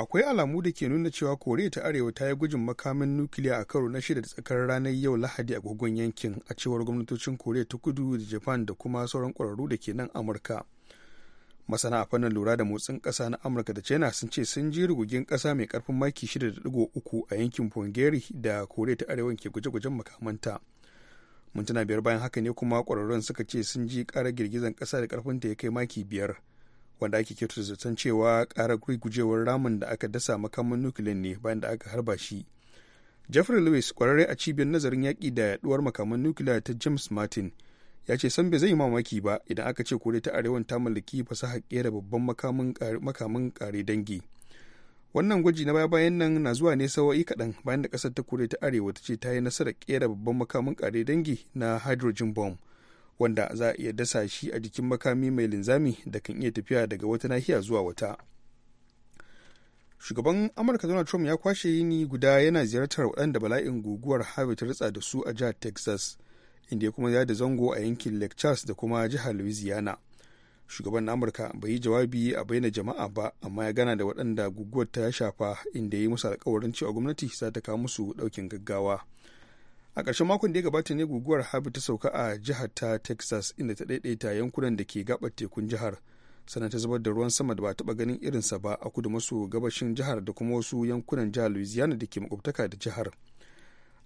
akwai alamu da ke nuna cewa koriya ta arewa ta yi gujin makamin nukiliya a karo na shida da tsakar ranar yau lahadi a gogon yankin a cewar gwamnatocin koriya ta kudu da japan da kuma sauran kwararru da ke nan amurka masana a fannin lura da motsin ƙasa na amurka da china sun ce sun ji rugugin ƙasa mai karfin maki 6.3 a yankin pongeri da koriya ta arewa ke guje-gujen makamanta mintuna biyar bayan haka ne kuma kwararrun suka ce sun ji kara girgizan ƙasa da karfinta ya kai maki biyar wanda ake kyautar zaton cewa karar gurgujewar ramin da aka dasa makaman nukiliyan ne bayan da aka harba shi jeffrey lewis kwararre a cibiyar nazarin yaƙi da yaduwar makaman nukiliya ta james martin ya ce san bai zai mamaki ba idan aka ce kore ta arewan ta mallaki fasaha kera babban makamin kare dangi wannan gwaji na baya-bayan nan na zuwa ne sawa'i kaɗan bayan da ƙasar ta kore ta arewa ta ce ta yi nasarar kera babban makamin kare dangi na hydrogen bomb wanda za a iya dasa shi a jikin makami mai linzami da kan iya tafiya daga wata nahiya zuwa wata shugaban amurka donald trump ya kwashe yini guda yana ziyartar waɗanda bala'in guguwar harvey ta ritsa da su a jihar texas inda ya kuma ya da zango a yankin lake charles da kuma jihar louisiana shugaban na amurka bai yi jawabi a bayyana jama'a ba amma ya gana da waɗanda guguwar ta shafa inda ya yi musu alkawarin cewa gwamnati za ta kawo musu ɗaukin gaggawa a ƙarshen makon da ya gabata ne guguwar habi ta sauka a jihar ta texas inda ta ɗaiɗaita yankunan da ke gabar tekun jihar sannan ta zubar da ruwan sama da ba taɓa ganin irinsa ba a kudu maso gabashin jihar da kuma wasu yankunan jihar louisiana da ke makwabtaka da jihar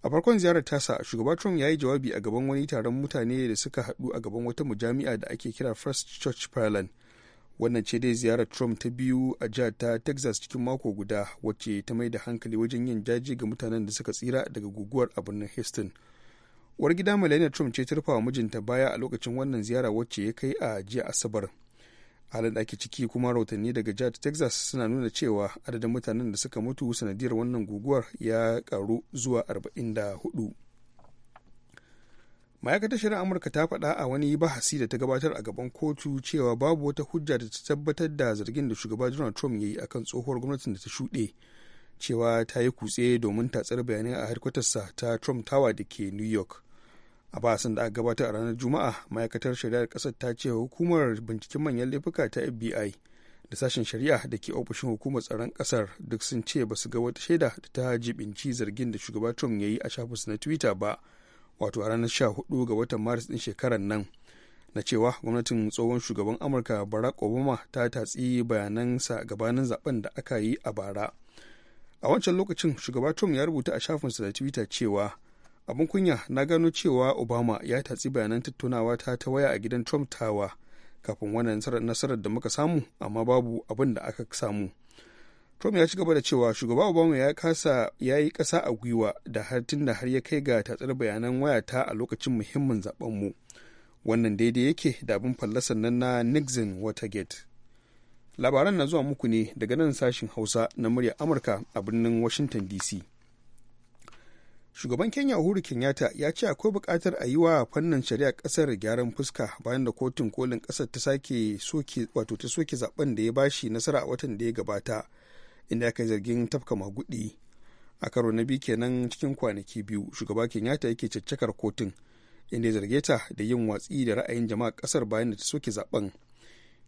a farkon ziyarar tasa shugaba trump ya yi jawabi a gaban wani taron mutane da suka haɗu a gaban wata mujami'a da ake kira first church parliament. wannan ce dai ziyarar trump ta biyu a jihar ta texas cikin mako guda wacce ta mai da hankali wajen yin jaji ga mutanen da suka tsira daga guguwar a birnin houston war gida melania trump ce ta rufawa mijinta baya a lokacin wannan ziyara wacce ya kai a jiya asabar halin da ciki kuma rahotanni daga jihar texas suna nuna cewa adadin mutanen da suka mutu sanadiyar wannan guguwar ya karu zuwa 44 ma'aikatar shari'ar amurka ta faɗa a wani bahasi da ta gabatar a gaban kotu cewa babu wata hujja da ta tabbatar da zargin da shugaba donald trump ya yi akan tsohuwar gwamnatin da ta shuɗe cewa ta yi kutse domin tatsar bayanai a harkatarsa ta trump tower da ke new york a bahasin da aka gabatar a ranar juma'a ma'aikatar shari'ar ƙasar ta ce hukumar binciken manyan laifuka ta fbi da sashen shari'a da ke ofishin hukumar tsaron ƙasar duk sun ce ba su ga wata shaida da ta jibinci zargin da shugaba trump ya yi a shafinsa na twitter ba wato a ranar hudu ga watan maris din shekarar nan na cewa gwamnatin tsohon shugaban amurka barack obama ta tatsi bayanansa gabanin zaben da aka yi a bara a wancan lokacin shugaba trump ya rubuta a shafinsa da twitter cewa abin kunya na gano cewa obama ya tatsi bayanan tattaunawa ta ta waya a gidan trump tawa kafin wannan nasarar da muka samu amma babu abin da aka samu Trump ya ci gaba da cewa shugaba Obama ya kasa ya yi kasa a gwiwa da har tun da har ya kai ga tatsar bayanan wayata a lokacin muhimmin zabenmu Wannan daidai yake da abin fallasar nan na Nixon Watergate. Labaran na zuwa muku ne daga nan sashen Hausa na murya Amurka a birnin Washington DC. Shugaban Kenya Uhuru Kenyatta ya ce akwai bukatar a yi wa fannin shari'a ƙasar gyaran fuska bayan da kotun kolin ƙasar ta wato ta soke zaben da ya bashi nasara a watan da ya gabata. inda aka yi zargin tafka maguɗi. a karo na biyu kenan cikin kwanaki biyu shugaba kenyatta yake caccakar kotun inda ya zarge ta da yin watsi da ra'ayin jama'a kasar bayan da ta soke zaben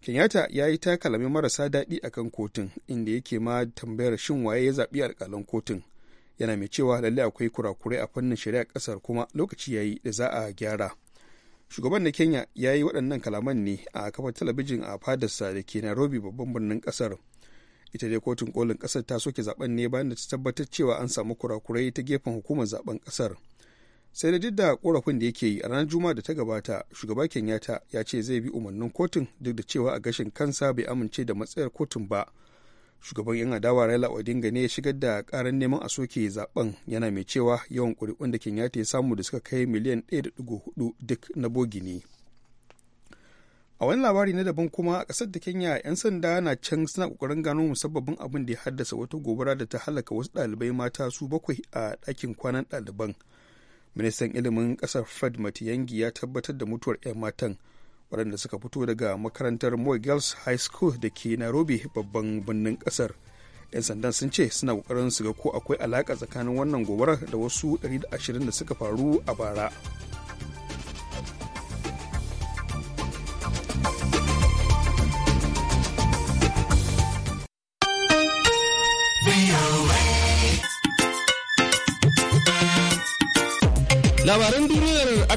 kenyatta ya yi ta marasa daɗi akan kotun inda yake ma tambayar shin waye ya zaɓi alƙalan kotun yana mai cewa lalle akwai kurakurai a fannin shari'a kasar kuma lokaci ya yi da za a gyara shugaban na kenya ya yi waɗannan kalaman ne a kafar talabijin a fadarsa da ke nairobi babban birnin ƙasar ita dai kotun kolin kasar ta soke zaben ne bayan da ta tabbatar cewa an samu kurakurai ta gefen hukumar zaben kasar sai da didda korafin da yake yi a ranar juma'a da ta gabata shugaba kenyatta ya ce zai bi umarnin kotun duk da cewa a gashin kansa bai amince da matsayar kotun ba shugaban yan adawa raila odinga ne ya shigar da karan neman a soke zaben yana mai cewa yawan kuri'un da kenyatta ya samu da suka kai miliyan 1.4 duk na bogi ne. a wani labari na daban kuma a ƙasar da kenya 'yan sanda na can suna ƙoƙarin gano musabbabin abin da ya haddasa wata gobara da ta halaka wasu ɗalibai mata su bakwai a dakin kwanan ɗaliban ministan ilimin ƙasar fred matiyangi ya tabbatar da mutuwar 'yan matan waɗanda suka fito daga makarantar moy girls high school da ke nairobi babban birnin kasar 'yan sandan sun ce suna ƙoƙarin su ga ko akwai alaƙa tsakanin wannan gobarar da wasu 120 da suka faru a bara.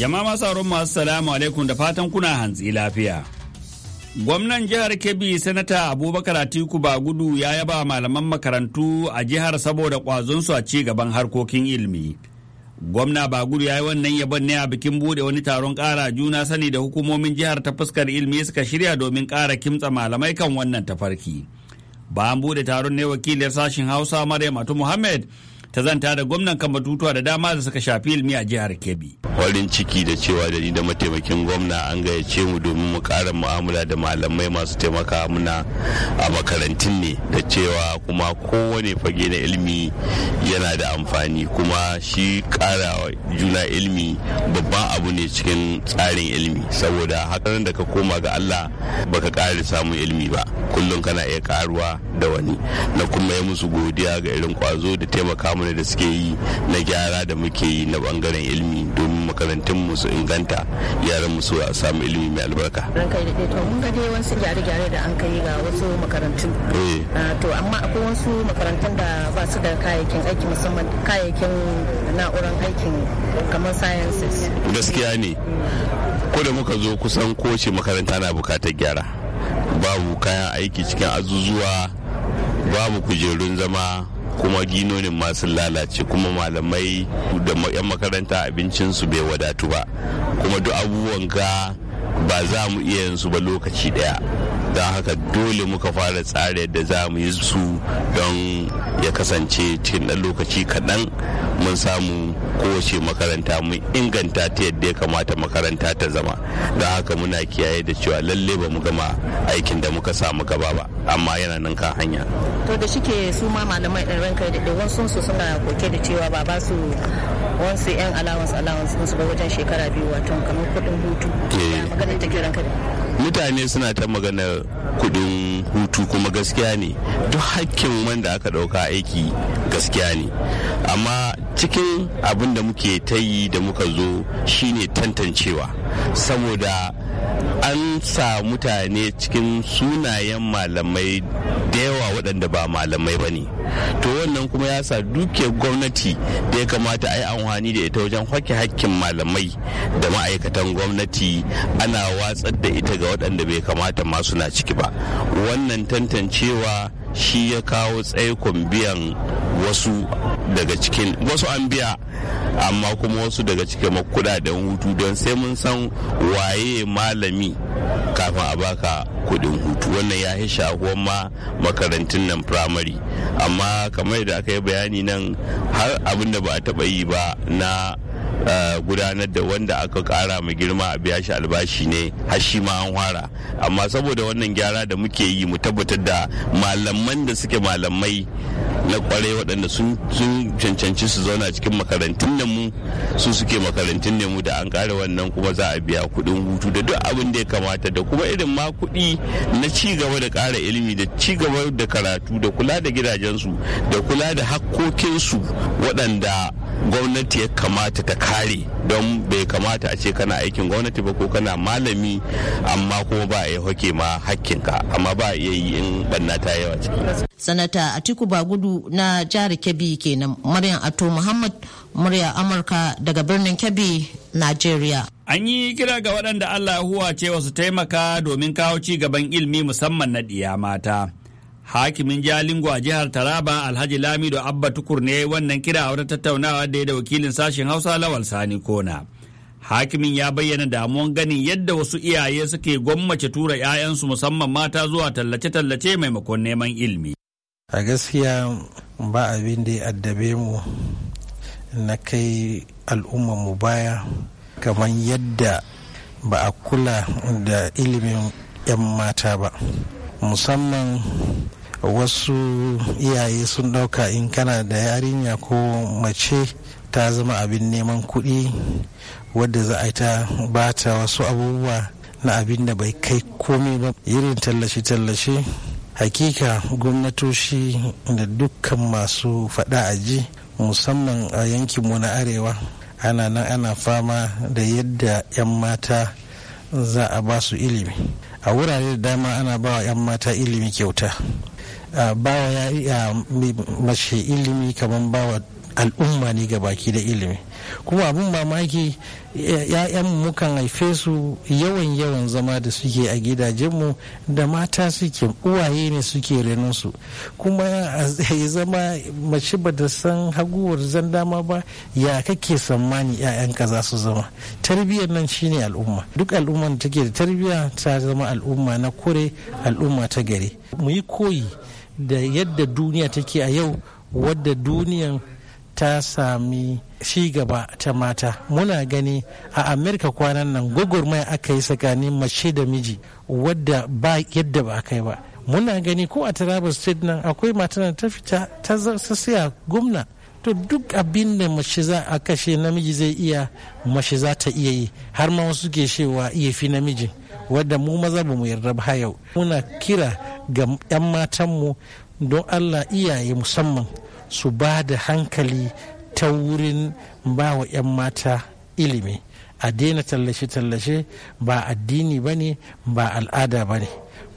Jama'a masu auren masu salamu alaikum da fatan kuna hantsi lafiya. Gwamnan jihar Kebbi Sanata Abubakar Atiku Bagudu ya yaba malaman makarantu a jihar saboda ƙwazonsu a ci gaban harkokin ilimi. Gwamna Bagudu ya yi wannan yabon ne a bikin bude wani taron ƙara juna sani da hukumomin jihar ta fuskar ilimi suka shirya domin ƙara kimtsa malamai kan wannan tafarki. Bayan bude taron ne wakilin sashen Hausa Maryam Atu Muhammad ta zanta da gwamnan kan batutuwa da dama da suka shafi ilmi a jihar Kebbi. Farin ciki da cewa da ni da mataimakin gwamna an gayyace mu domin mu ƙara mu'amala da malamai masu taimaka muna a makarantun ne da cewa kuma kowane fage na ilmi yana da amfani kuma shi ƙara juna ilmi babban abu ne cikin tsarin ilmi saboda hakan da ka koma ga Allah baka ƙara samun ilmi ba kullum kana iya karuwa da wani na kuma ya musu godiya ga irin kwazo da taimaka namu da suke yi na gyara da muke yi na bangaren ilimi domin makarantun mu su inganta yaran mu su samu ilimi mai albarka Ran kai da to mun ga dai wasu gyare-gyare da an kai ga wasu makarantun. Eh. Ah, to amma akwai wasu makarantun da ba su da kayayyakin aiki musamman kayayyakin na'urar aikin kamar sciences gaskiya ne ko da muka zo kusan kowace makaranta na bukatar gyara babu kayan aiki cikin azuzuwa babu kujerun zama kuma ginonin masu lalace kuma malamai da 'yan makaranta abincinsu bai wadatu ba kuma duk abubuwan ga ba za mu iya yanzu ba lokaci daya don haka dole muka fara tsari yadda za mu yi su don ya kasance cikin ɗan lokaci kaɗan mun samu kowace makaranta mun inganta ta yadda ya kamata makaranta ta zama don haka muna kiyaye da cewa lalle ba mu gama aikin da muka samu gaba ba amma yana nan kan hanya to da shike su ma malamai ɗin ranka da wasu su suna koke da cewa ba ba su wasu yan allowance allowance sun su ba wajen shekara biyu wato kamar kuɗin hutu eh. magana take ranka mutane suna ta maganar kudin hutu kuma gaskiya ne duk hakkin wanda aka ɗauka aiki gaskiya ne amma cikin abin da muke ta yi da muka zo shine tantancewa saboda an sa mutane cikin sunayen malamai da yawa waɗanda ba malamai ba ne to wannan kuma ya sa duke gwamnati da ya kamata a yi amfani da ita wajen hake hakkin malamai da ma'aikatan gwamnati ana watsar da ita ga waɗanda bai kamata ma suna ciki ba wannan tantancewa shi ya kawo tsaikon biyan wasu daga cikin wasu an biya amma kuma wasu daga cikin kudaden hutu don sai mun san waye malami kafin a baka kudin hutu wannan ya yi shahuwan ma makarantun nan firamare amma kamar da aka yi bayani nan har abin da ba a taba yi ba na eh, gudanar da wanda aka kara ma girma a biya shi albashi ne har shi ma an fara amma saboda wannan gyara da muke yi mu tabbatar da malaman da suke malamai na kwarai waɗanda sun cancanci su zauna cikin makarantun da mu su suke makarantun da mu da an ƙara wannan kuma za a biya kuɗin hutu da duk abin da ya kamata da kuma irin ma kuɗi na ci gaba da ƙara ilimi da ci gaba da karatu da kula da gidajensu da kula da hakkokinsu waɗanda gwamnati ya kamata ta kare don bai kamata a ce kana aikin gwamnati ba ko kana malami amma kuma ba a yi hake ma hakkinka amma ba a iya yi in banna ta yawa ciki. sanata atiku bagudu na jihar Kebbi kenan Maryam Ato Muhammad murya Amurka daga birnin Kebbi, Najeriya. An yi kira ga waɗanda Allah ya huwa cewa su taimaka domin kawo ci gaban ilimi musamman na ɗiya mata. Hakimin Jalingo a jihar Taraba Alhaji Lamido Abba Tukur ne wannan kira a wata tattaunawa da ya da wakilin sashen Hausa Lawal Sani Kona. Hakimin ya bayyana damuwan ganin yadda wasu iyaye suke gwammace tura 'ya'yansu musamman mata zuwa tallace-tallace maimakon neman ilimi. a gaskiya ba abin da ya addabe mu na kai mu baya kamar yadda ba a kula da ilimin 'yan mata ba musamman wasu iyaye sun ɗauka in kana da yarinya ko mace ta zama abin neman kuɗi wadda za a ta bata wasu abubuwa na abin da bai kai komai ba irin tallace-tallace hakika gwamnatoshi da dukkan masu faɗa ji musamman a yankinmu na arewa ana nan ana fama da yadda 'yan mata za a ba su ilimi a wurare da dama ana ba wa 'yan mata ilimi kyauta ba wa mace ilimi kamar ba wa al'umma ne ga baki da ilimi kuma abin mamaki ya'yan mukan haife su yawan yawan zama da suke a gidajenmu da mata suke uwaye ne suke renon su kuma ya zama mace ba da san haguwar zan dama ba ya kake sammani ya'yanka za su zama tarbiyyar nan shine al'umma duk al'umma da take da tarbiyya ta zama al'umma na kure al'umma ta gari mu yi koyi da yadda duniya take a yau wadda duniyan ta sami shi gaba ta mata muna gani a amerika kwanan nan gwagwarmaya aka yi tsakanin mace da miji wadda ba yadda ba kai ba muna gani ko a taraba state nan akwai matan ta fita ta siya gwamna to duk abin da mace za a kashe namiji zai iya mace za ta iya yi har ma wasu ke cewa iya fi namiji wadda mu maza ba mu yarda ba yau muna kira ga 'yan matanmu don allah iyaye musamman su ba da hankali ta wurin ba wa 'yan mata ilimi a daina tallashe-tallashe ba addini ba ne ba al'ada ba ne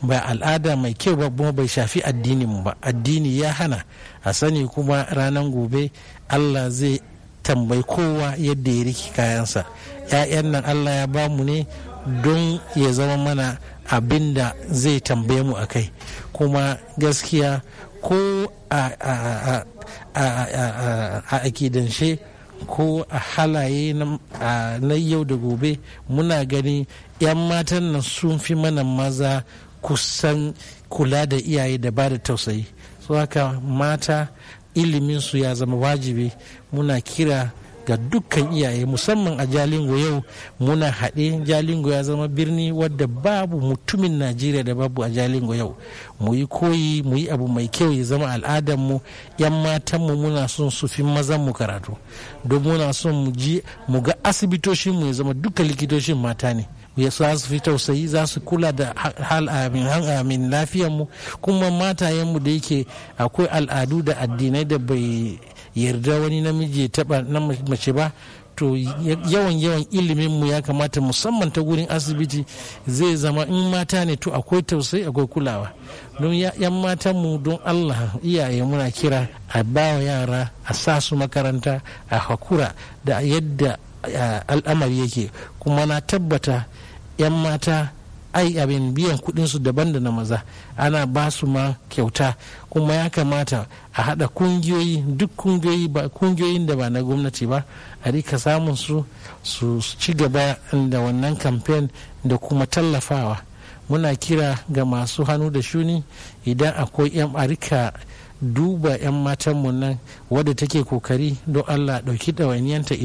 ba al'ada mai kyau ba kuma bai shafi addinin ba addini ya hana a sani kuma ranar gobe allah zai tambayi kowa yadda ya riki kayansa 'ya'yan nan allah ya bamu ne don ya zama mana abin da zai tambaye mu a kai kuma gaskiya ko a akidanshe ko a halaye na yau da gobe muna gani 'yan matan nan sun fi mana maza kusan kula da iyaye da ba da tausayi su haka mata iliminsu ya zama wajibi muna kira ga dukkan iyaye musamman a jalingo yau muna haɗe jalingo ya zama birni wadda babu mutumin najeriya da babu a jalingo yau mu yi koyi mu yi abu mai kyau ya zama al'adarmu yan matanmu muna son su fi mazanmu karatu don muna son mu ji mu ga asibitoshinmu ya zama dukkan likitoshin mata ne ya za su fi tausayi za su kula da hal amin han amin kuma matayenmu da yake akwai al'adu da addinai da bai yarda wani namiji ya taba na mace ba to yawan yawan ilimin mu ya kamata musamman ta gurin asibiti zai zama in mata ne to akwai tausayi akwai kulawa don yan matan mu don allah iyaye muna kira a bawa yara a sa su makaranta a hakura da yadda al'amari yake kuma na tabbata yan mata ai abin biyan kuɗin su daban da na maza ana ba su ma kyauta kuma ya kamata a haɗa kungiyoyi duk kungiyoyi ba kungiyoyin da ba na gwamnati ba a rika samun su su ci gaba da wannan kamfen da kuma tallafawa muna kira ga masu hannu da shuni idan akwai 'yan arika duba 'yan matan mu nan wadda take kokari don allah ɗauki ɗawainiyanta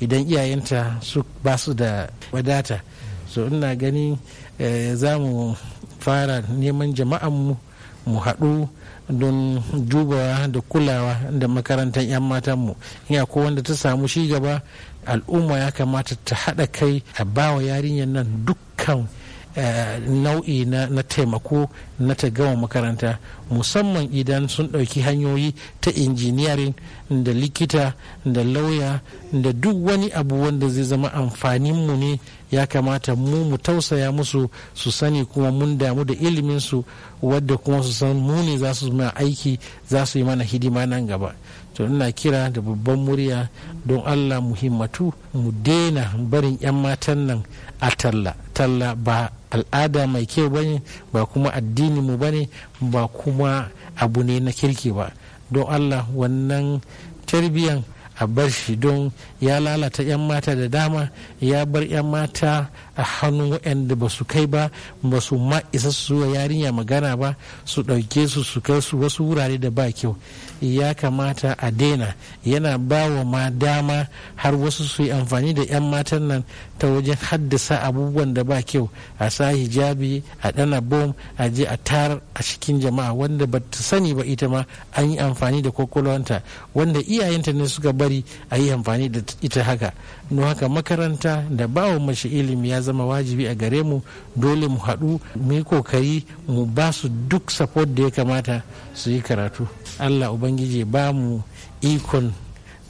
idan iyayenta su ba da wadata so ina gani Eh, za mu fara neman jama'an mu haɗu don dubawa da kulawa da makarantar 'yan matanmu in ko wanda ta samu shi gaba al'umma ya kamata ta haɗa kai a bawa yarinyar nan dukkan Eh, nau'i na taimako na ta gama makaranta musamman idan sun ɗauki hanyoyi ta injiniyarin da likita da lauya da duk wani abu wanda zai zama amfanin mu ne ya kamata mu mu tausaya musu su sani kuma mun damu da iliminsu wadda kuma su san mu ne za su aiki za su yi mana hidima nan gaba to ina kira da babban murya don allah muhimmatu mu daina barin 'yan matan nan a talla talla ba al'ada mai kyau bane ba kuma addini mu bane ba kuma abu ne na kirki ba don allah wannan tarbiyan a bar shi don ya lalata 'yan mata da dama ya bar 'yan mata a hannun waɗanda ba su kai ba ba su ma isa su wa yarinya magana ba su ɗauke su su kai su wasu wurare da ba kyau ya kamata a daina yana ba wa ma dama har wasu su yi amfani da 'yan matan nan ta wajen haddasa abubuwan da ba kyau a sa hijabi a ɗana bom a je a tarar a cikin jama'a wanda ba ta sani ba ita ma an yi amfani da kwakwalwanta wanda iyayenta ne suka bari a yi amfani da ita haka no haka makaranta da bawa mashi ilimi ya zama wajibi a gare mu dole mu haɗu mu yi kokari mu ba su duk support da ya kamata su yi karatu allah ubangiji ba mu ikon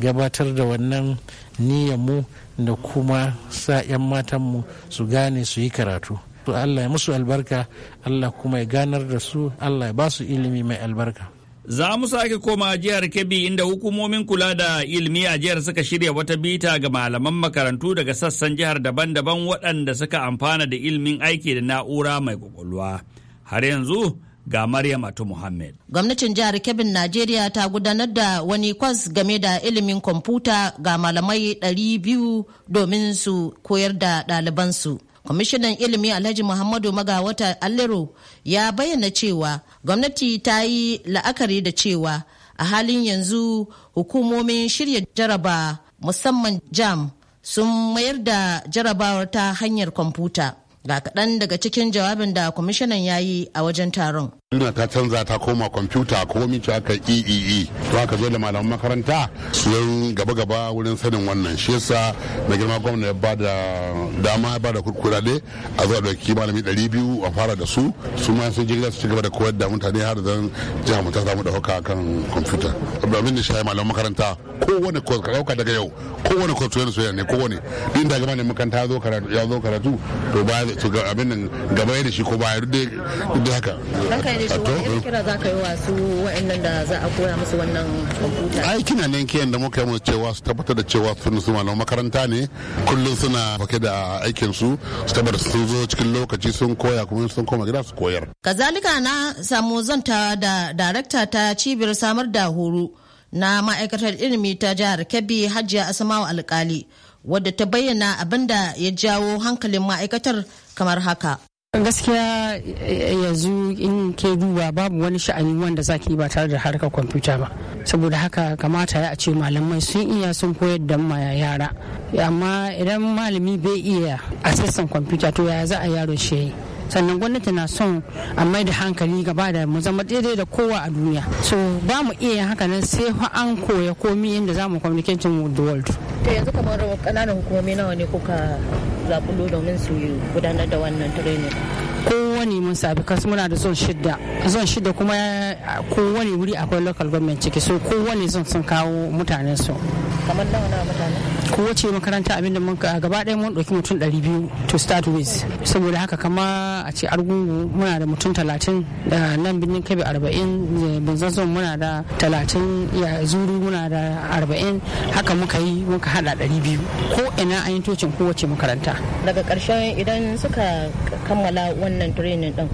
gabatar da wannan mu da kuma sa 'yan matanmu su gane su yi karatu to allah ya musu albarka allah kuma ya ganar da su allah ya ba su ilimi mai albarka Za mu sake koma jihar Kebbi inda hukumomin kula da ilimi a jihar suka shirya wata bita ga malaman makarantu daga sassan jihar daban-daban waɗanda suka amfana da ilmin aiki da na'ura mai kwakwalwa. Har yanzu ga Maryam Atu Muhammad. Gwamnatin jihar Kebbi Najeriya ta gudanar da wani kwas game da ilimin kwamfuta ga malamai 200 domin su koyar da ɗalibansu. kwamishinan ilimi alhaji muhammadu magawata allero ya bayyana cewa gwamnati ta yi la'akari da cewa a halin yanzu hukumomin shirya jaraba musamman jam sun mayar da jarabawar ta hanyar kwamfuta ga kaɗan daga cikin jawabin da kwamishinan ya yi a wajen taron Ina ta canza ta koma kwamfuta ko mice aka iii to aka zo da malaman makaranta sun gaba-gaba wurin sanin wannan shi yasa na girma gwamna ya bada dama ya bada kudade a zuwa dauki malami ɗari biyu a fara da su su ma sun jirga su ci gaba da koyar da mutane har zan jiha mu ta samu ɗaukaka kan kwamfuta abin da shaye malaman makaranta kowane kwas ka ɗauka daga yau kowane kwas yana soyayya ne kowane din da gama ne makaranta ya zo karatu to ba abin nan gaba da shi ko ba duk da haka da shi wani kira za ka yi wa su da za a koya musu wannan kwamfuta aikin kiyan da muka yi musu cewa su tabbatar da cewa sun su na makaranta ne kullum suna fake da aikin su su tabbatar sun zo cikin lokaci sun koya kuma sun koma gida su koyar kazalika na samu zanta da darakta ta cibiyar samar da horo na ma'aikatar ilimi ta jihar kebbi hajiya asamawa alkali wadda ta bayyana abin da ya jawo hankalin ma'aikatar kamar haka gaskiya yanzu in ke duba babu wani sha'ani wanda zaki ba tare da harkar kwamfuta ba saboda haka kamata ya ce malamai sun iya sun koyar da ma yara amma idan malami bai iya a sassan kwamfuta to ya za a yaro shi sannan gwamnati na son a mai da hankali gaba da mu zama daidai da kowa a duniya so ba mu iya yin haka nan sai fa an koya komi inda za mu communicating with the world to yanzu kamar kananan hukumomi nawa ne kuka zakulo domin su gudanar da wannan training kowane mun sabi kasu muna da zon shida zon shida kuma kowane wuri akwai local government ciki so kowane zon sun kawo mutanen su kamar nawa na mutanen Ko kowace makaranta abinda mun gaba ɗaya mun ɗauki mutum ɗari biyu to start with saboda haka kama a ce argungu muna da mutum talatin da nan birnin kebe arba'in banzazon muna da talatin ya zuru muna da arba'in haka muka yi muka haɗa ɗari biyu ko ina a yi tocin kowace makaranta daga ƙarshen idan suka kammala wannan training ɗin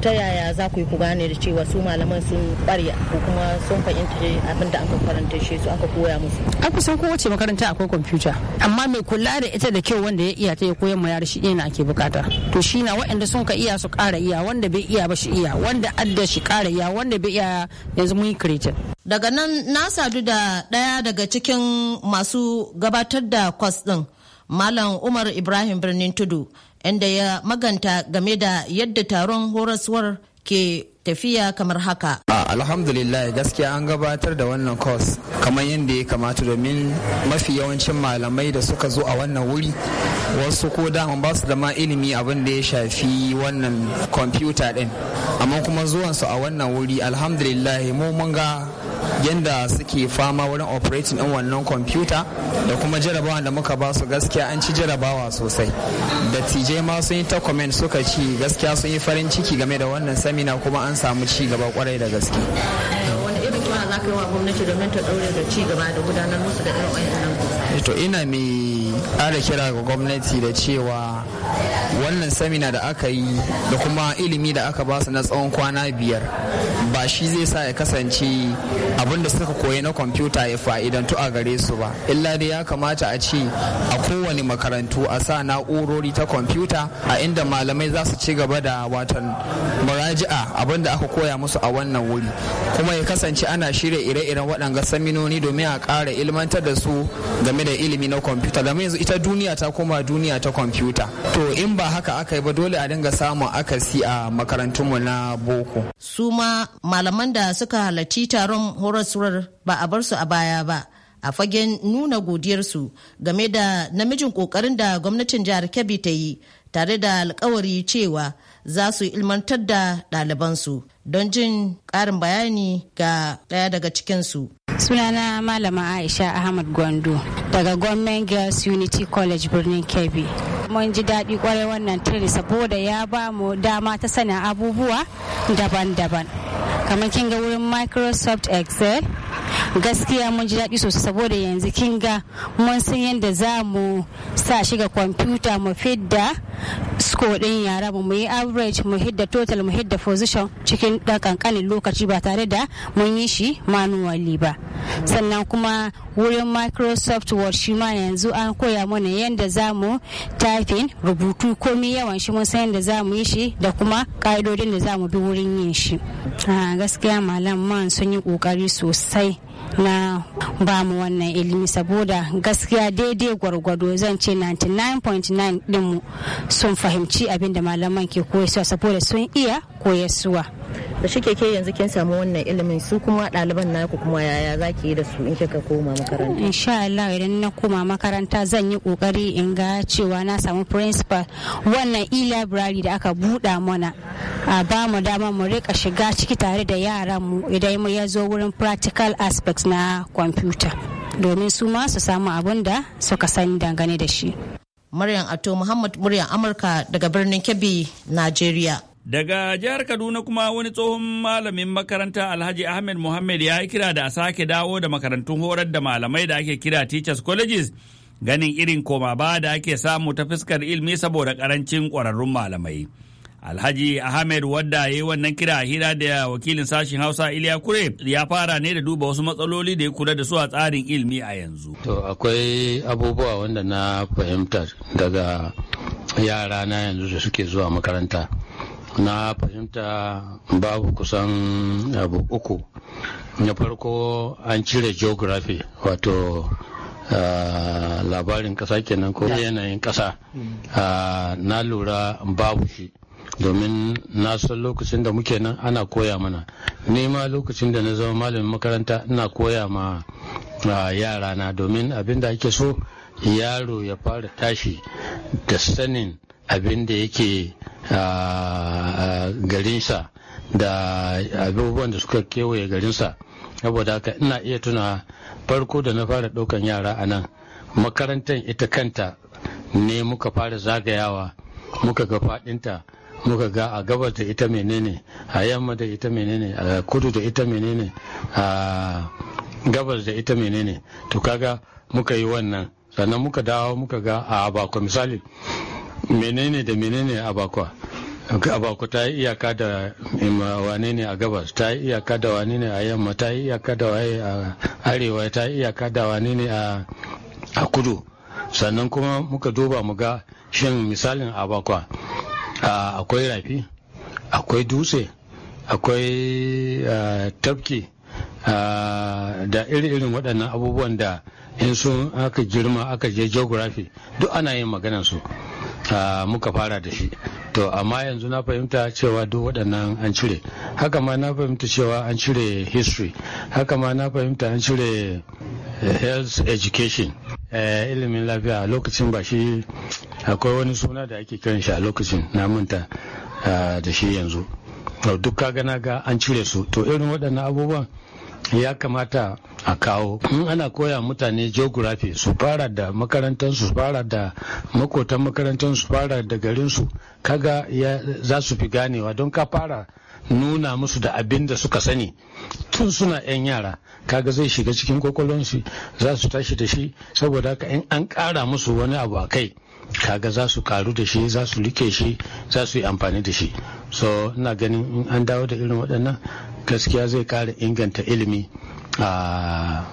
ta yaya za ku yi ku gane da cewa su malaman sun ƙwarya ko kuma sun fahimta abin da aka karanta shi su aka koya musu a kusan kowace makaranta akwai kwamfuta amma mai kula da ita da kyau wanda ya iya ta ya koyar ma yara shi ne na ake bukata to shi na waɗanda sun ka iya su ƙara iya wanda bai iya ba shi iya wanda adda shi ƙara iya wanda bai iya yanzu mun yi kiretin daga nan na sadu da ɗaya daga cikin masu gabatar da kwas ɗin malam umar ibrahim birnin tudu inda ya maganta game da yadda taron horaswar ke tafiya kamar haka. alhamdulillah gaskiya an gabatar da wannan kos kamar yadda ya kamata domin mafi yawancin malamai da suka zo a wannan wuri wasu ko dama ba su da ma ilimi abin da ya shafi wannan kwamfuta din amma kuma zuwansu a wannan wuri alhamdulillah mu mun ga yadda suke fama wurin operating din wannan kwamfuta da kuma jarabawa da muka ba su gaskiya an ci jarabawa sosai da tj ma sun yi ta comment suka ci gaskiya sun yi farin ciki game da wannan samina kuma an samu ci gaba kwarai da gaske za ka yi wa gwamnati domin ta da ci gaba da gudanar musu da to ina mai ƙara kira ga gwamnati da cewa wannan samina da aka yi da kuma ilimi da aka ba su na tsawon kwana biyar ba shi zai sa ya kasance abun da suka koyi na kwamfuta ya fa'idantu a gare su ba illa dai ya kamata a ce a kowane makarantu a sa na'urori ta kwamfuta a inda malamai za su ci gaba da watan muraji'a abinda aka koya musu a wannan wuri kuma ya kasance ana shirya ire-iren waɗanga saminoni domin a ƙara ilmantar da su game da ilimi na kwamfuta game yanzu ita duniya ta koma duniya ta kwamfuta to in ba haka aka yi ba dole a dinga samun akasi a makarantunmu na boko su ma malaman da suka halarci taron horaswar ba a bar su a baya ba a fagen nuna godiyarsu game da namijin kokarin da gwamnatin jihar kebbi ta yi tare da alkawari cewa za su ilmantar da ɗalibansu don jin ƙarin bayani ga ɗaya daga cikinsu. sunana malama aisha ahmad gwando daga Gwamnan girls unity college birnin kebbi mun ji daɗi kwarai wannan tiri saboda ya ba mu dama ta sanin abubuwa daban-daban kamar kin ga wurin microsoft excel gaskiya mun ji daɗi sosai saboda yanzu kin ga mun san yadda za mu sa shi ga kwamfuta mu fidda score ɗin yara mu yi average mu hidda total mu hidda position cikin ɗan ƙanƙanin lokaci ba tare da mun yi shi manuwali ba sannan kuma wurin microsoft word shi ma yanzu an koya mana yadda za mu typing rubutu komi yawan shi mun san yadda za mu yi shi da kuma ka'idodin da za mu bi wurin yin shi gaskiya malam man sun yi kokari sosai na ba mu wannan ilimi saboda gaskiya daidai gwargwado zan ce 99.9 dinmu sun fahimci abin da malaman ke koyarwa saboda sun iya koyasuwa da shike ke yanzu kin samu wannan ilimin su kuma ɗaliban naku kuma yaya za ki yi da su in kika koma makaranta insha Allah idan na koma makaranta zan yi kokari in ga cewa na samu principal wannan e-library da aka buɗa mana a ba mu dama mu rika shiga ciki tare da yaran mu idan mu ya zo wurin practical aspects na computer domin su ma su samu abin da suka sani dangane da shi Maryam Ato Muhammad muryar Amurka daga birnin Kebbi, nigeria. Daga jihar Kaduna kuma wani tsohon malamin makaranta Alhaji Ahmed Muhammad ya yi kira da a sake dawo da makarantun horar da malamai da ake kira Teachers Colleges ganin irin koma ba da ake samu ta fuskar ilmi saboda karancin ƙwararrun malamai. Alhaji Ahmed wadda ya yi wannan kira a hira da wakilin sashen Hausa Iliya Kure ya fara ne da duba wasu matsaloli da ya kula da su a tsarin ilmi a yanzu. To akwai abubuwa wanda na fahimtar daga yara na yanzu da suke zuwa makaranta. na fahimta babu kusan abu uku na farko an cire geography wato Uh, labarin ƙasa kenan ko yanayin kasa uh, ah, na lura babu shi domin na san lokacin da muke nan ana koya mana ni ma lokacin da na zama malamin makaranta ina koya ma uh, ah, yara na domin abin da ake so yaro ya fara tashi da sanin abin da yake garinsa da abubuwan da suka kewaye garinsa saboda haka ina iya tuna farko da na fara ɗaukan yara a nan makarantar ita kanta ne muka fara zagayawa muka ga faɗinta muka ga a gabas da ita menene a yamma da ita menene a kudu da ita menene a gabas da ita menene to kaga muka yi wannan sannan muka dawo muka ga a ba misali menene da menene abakwa abakwa ta yi iyaka da wane ne a gabas ta yi iyaka da wane ne a yamma ta yi iyaka da waye a arewa ta yi iyaka da wane ne a kudu sannan kuma muka duba mu ga shin misalin abakwa akwai rafi akwai dutse akwai tafki da iri-irin waɗannan abubuwan da in sun aka girma aka je geography duk ana yin maganar su muka fara da shi to amma yanzu na fahimta cewa duk waɗannan an cire haka ma na fahimta cewa an cire history haka ma na fahimta an cire eh, health education eh, ilimin lafiya a lokacin ba shi akwai wani suna da ake kiran shi a lokacin na manta ah, da shi yanzu duk ka gana ga an cire su to irin waɗannan abubuwan ya kamata a kawo in ana koya mutane geography su fara da makarantar su fara da makotan makarantar su fara da garin su kaga za su fi ganewa don ka fara nuna musu da abin da suka sani tun suna 'yan yara kaga zai shiga cikin kwakwalwansu za su tashi da shi saboda haka in an ƙara musu wani abu a kai kaga za su karu da shi za su like shi za su yi amfani da shi so ina ganin in an dawo da irin waɗannan gaskiya zai kara inganta ilimi a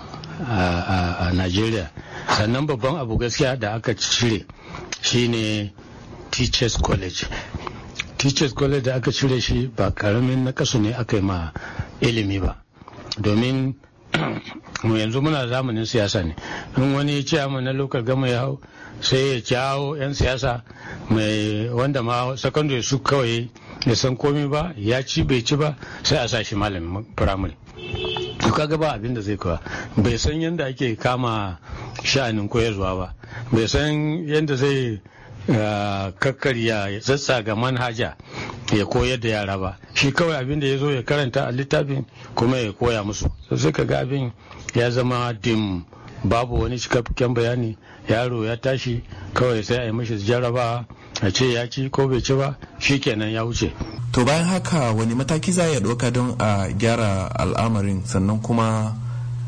Najeriya sannan babban abu gaskiya da aka cire shine teachers college teachers college da aka cire shi ba karamin na kasu ne aka yi ma ilimi ba domin mu yanzu muna zamanin siyasa ne in wani ya ciya mu na lokal gama ya hau sai ya cawo 'yan siyasa mai wanda ma secondary su kawai ya san komi ba ya ci bai ci ba sai a sa shi malamin firamare to kaga ba abin da zai kawa bai san yadda ake kama sha'anin koyarwa ba bai san yadda zai Eh, kakkarya ya tsatsa ga manhaja ya koyar da yara ba shi kawai abin da ya zo ya karanta a littafin kuma ya koya musu sai ka ga abin ya zama dim babu wani cikakken bayani yaro ya tashi kawai sai a yi mashi jaraba a ce ya ci ko bai ci ba shi kenan ya wuce to bayan haka wani mataki za ya ɗauka don a gyara al'amarin sannan kuma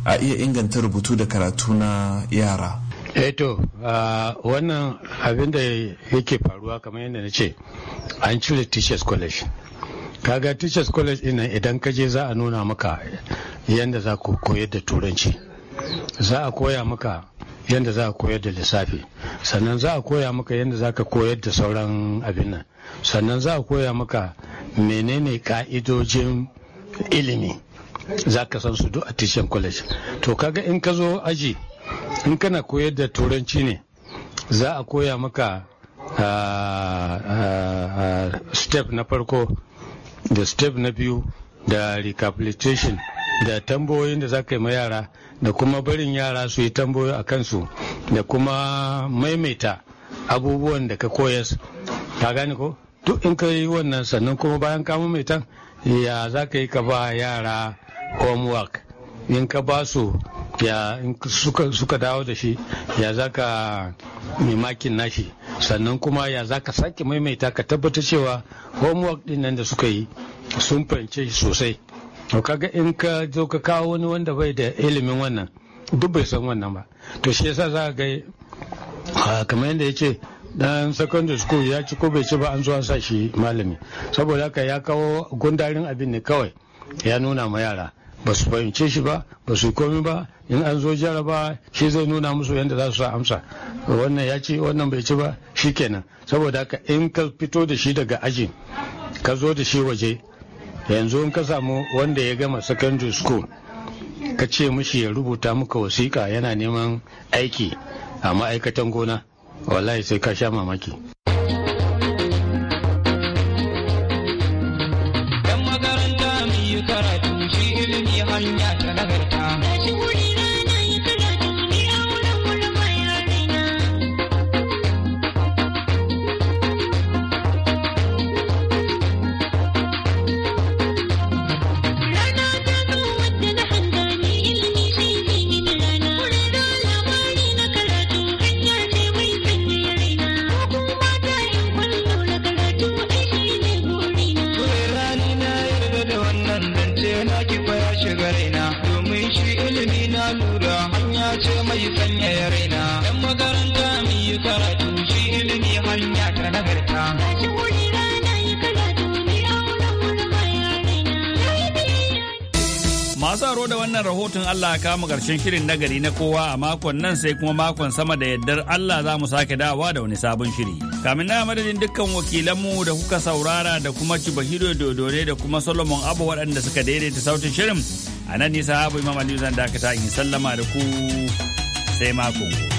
a iya inganta rubutu da karatu na yara eto eh wannan abin da yake faruwa kamar yadda na ce an cire teachers college kaga teachers college ina idan ka je za a nuna maka yadda za ku koyar da turanci za a koya maka yadda za a koyar da lissafi sannan za a koya maka yadda za ka koyar da sauran abin nan sannan za a koya maka menene ka'idojin ilimi za ka san su duk a teaching college to kaga in ka zo aji in kana koyar da turanci ne za a koya maka ah, ah, ah, step na farko da step na biyu da recapitulation da tambayoyin da za ka yi ma yara da kuma barin yara su yi tambayoyi a kansu da kuma maimaita abubuwan da ka koyas ta gane ko duk in ka yi wannan sannan kuma bayan ka maimaita ya za ka yi ka ba yara homework in ka ba su ya suka, suka dawo da shi ya za ka makin nashi sannan kuma ya za ka sake maimaita ka tabbata cewa homework din nan da suka yi sun fahimce shi sosai to kaga in ka zo ka kawo wani wanda bai da ilimin wannan duk bai san wannan ba to shi yasa za ga kamar yadda ya ce dan secondary school ya ci ko bai ci ba an zo an sa shi malami saboda haka ya kawo gundarin abin ne kawai ya nuna ma yara ba su fahimce shi ba ba su komi ba in an zo jaraba shi zai nuna musu yadda za su sa amsa wannan ya ci wannan bai ci ba shi kenan saboda haka in ka fito da shi daga aji ka zo da shi waje yanzu in ka samu wanda ya gama secondary school ka ce mishi ya rubuta muka wasiƙa yana neman aiki a ma'aikatan gona wallahi sai ka sha mamaki Masu haro da wannan rahoton Allah kama karshen shirin nagari na kowa a makon nan sai kuma makon sama da yardar Allah za mu sake dawa da wani sabon shiri. Kamin na madadin dukkan wakilanmu da kuka saurara da kuma Cibahiro Dodore da kuma Solomon Abu waɗanda suka daidaita sautin shirin. A nan nisa Abu Imam Aliyu zan dakata in sallama da ku sai makon gobe.